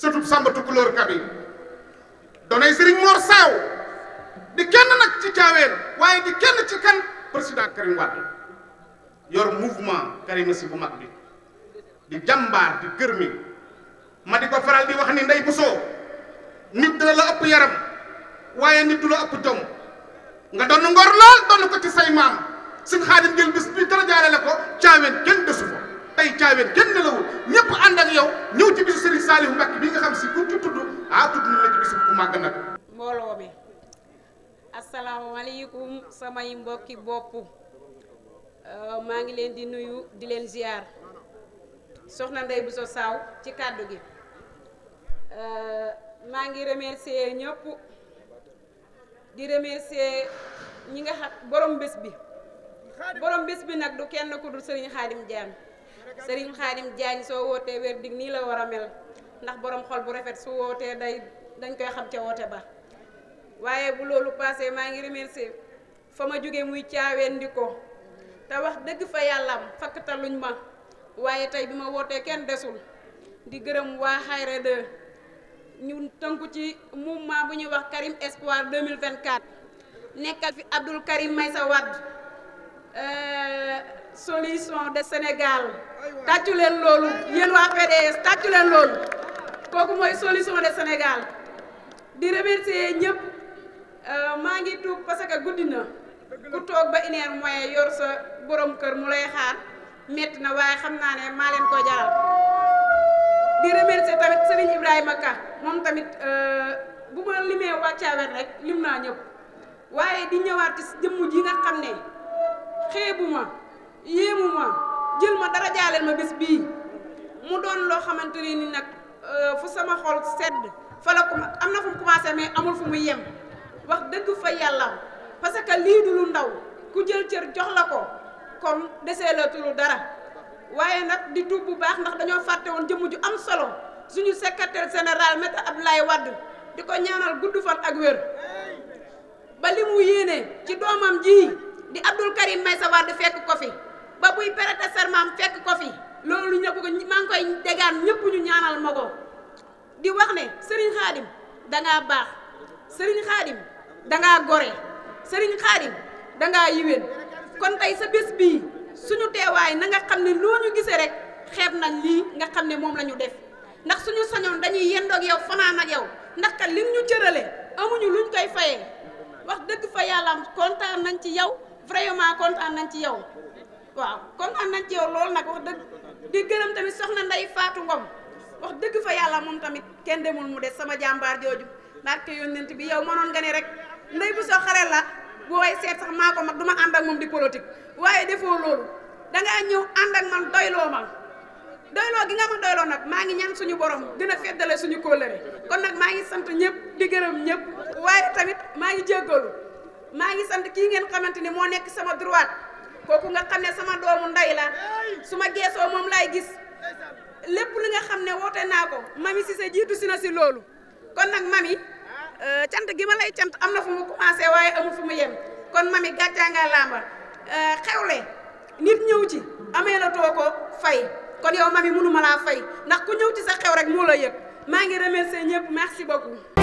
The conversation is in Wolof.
sëtub Samba Tukulóor Ka bi doonay Serigne Mor Saaw di kenn nag ci caaween waaye di kenn ci kan président Karim Wade yor mouvement Karima si bu mag bi di jàmbaar di gërmi ma di ko faral di wax ni ndey bu soo nit dana la ëpp yaram waaye nit du la ëpp jom nga doon ngor lool doon ko ci say maam suñ xaadim jël bis bi dara jaarale ko caaween kenn desu fa tey caaween kenn nelawul ñëpp ànd ak yow ñëw ci bisu Serigne Saliou bi màgg nag. mbooloo mi asalaamaaleykum samay mbokki bopp euh, maa ngi leen di nuyu di leen ziar soxna Ndeye Bousso saaw ci kàddu gi euh, maa ngi remercier ñëpp di remercier ñi nga xam borom bés bi borom bés bi nag du kenn ku dul sëriñ Khadim Diagne Serigne Khadim Diagne soo wootee wér dig nii la war a mel. ndax borom xol bu rafet su wootee day dañ koy xam ca woote ba waaye bu loolu passé maa ngi remercier fa ma jóge muy caaween di ko te wax dëgg fa yàllam fakktaluñ ma waaye tey bi ma wootee kenn desul di gërëm waa xayra 2 ñu tënku ci mouvement bu ñuy wax Karim Espoir 2024 nekkal fi Abdoul Karim sa Wade euh, solution de Sénégal tàccu leen loolu yéen waa PDS tàccu leen loolu kooku mooy solution de Sénégal di remercier ñëpp euh, maa ngi tuub parce que guddi na ku toog ba une heure yor sa borom kër mu lay xaar métti na waaye xam naa ne maa leen ko jaral di remercier tamit Serigne Ibrahima Ka moom tamit euh, bu ma limee wàccaawen lim naa ñëpp waaye di ñëwaat ci jëmm ji nga xam ne xeebu ma yéemu ma jël ma dara jaaleel ma bis bii mu doon loo xamante ne ni nag. Euh, fu sama xol sedd fa la am na fu mu commencé mais amul fu muy yem wax dëgg fa yàlla parce que lii du lu ndaw ku jël cër jox la ko kon desee la tulu dara waaye nag di tuub bu baax ndax dañoo fàtte woon jëmm ju am solo suñu secrétaire général maître Abdoulaye Wade di ko ñaanal gudd fan ak wér ba li mu yéene ci doomam ji di Abdoul Karim Meïssa Wade fekk ko fi ba buy prêter serment fekk ko fi loolu ñëpp ko maa ngi koy dégaan ñëpp ñu ñaanal ma ko di wax ne sëriñ xaadim dangaa baax sëriñ xaadim dangaa gore sëriñ xaadim danga yiwén kon tey sa bés bii suñu teewaay na nga xam ne loo ñu gisee rek xeet nañ lii nga xam ne moom lañu ñu def ndax suñu sañoon dañuy yendoog yow fanaan ak yow ndax kat li ñu cërale amuñu luñ koy fayee wax dëgg fa yàlla kontaan nañ ci yow vraiment kontaan nañ ci yow waaw kon am nañ ci yow loolu nag wax dëgg di gërëm tamit soxna Ndey Faatu Ngom wax dëgg fa yàlla moom tamit kenn demul mu des sama jàmbaar jooju ndaxte yónnent bi yow mënoon nga ne rek ndey bu soo xaree la booy seet sax maa ko mag du ma ànd ak moom di politique waaye defoo loolu dangaa ñëw ànd ak man doyloo ma doyloo gi nga ma doyloo nag maa ngi ñan suñu borom gën a feddale suñu kóllëre kon nag maa ngi sant ñëpp di gërëm ñëpp waaye tamit maa ngi jéggalu maa ngi sant kii ngeen xamante ni moo nekk sama droite kooku nga xam ne sama doomu ndey la su ma geesoo moom laay gis lépp li nga xam ne woote naa ko mami si sa jiitu si na si loolu kon nag mami ah. euh, cant gi ma lay cant am na fu mu commencé waaye amul fu mu yem kon mami gàccaa nga lamba euh, xewle nit ñëw ci amee la too ko fay kon yow mami mënuma laa fay ndax ku ñëw ci sa xew rek moo la yëg maa ngi remercier ñëpp merci beaucoup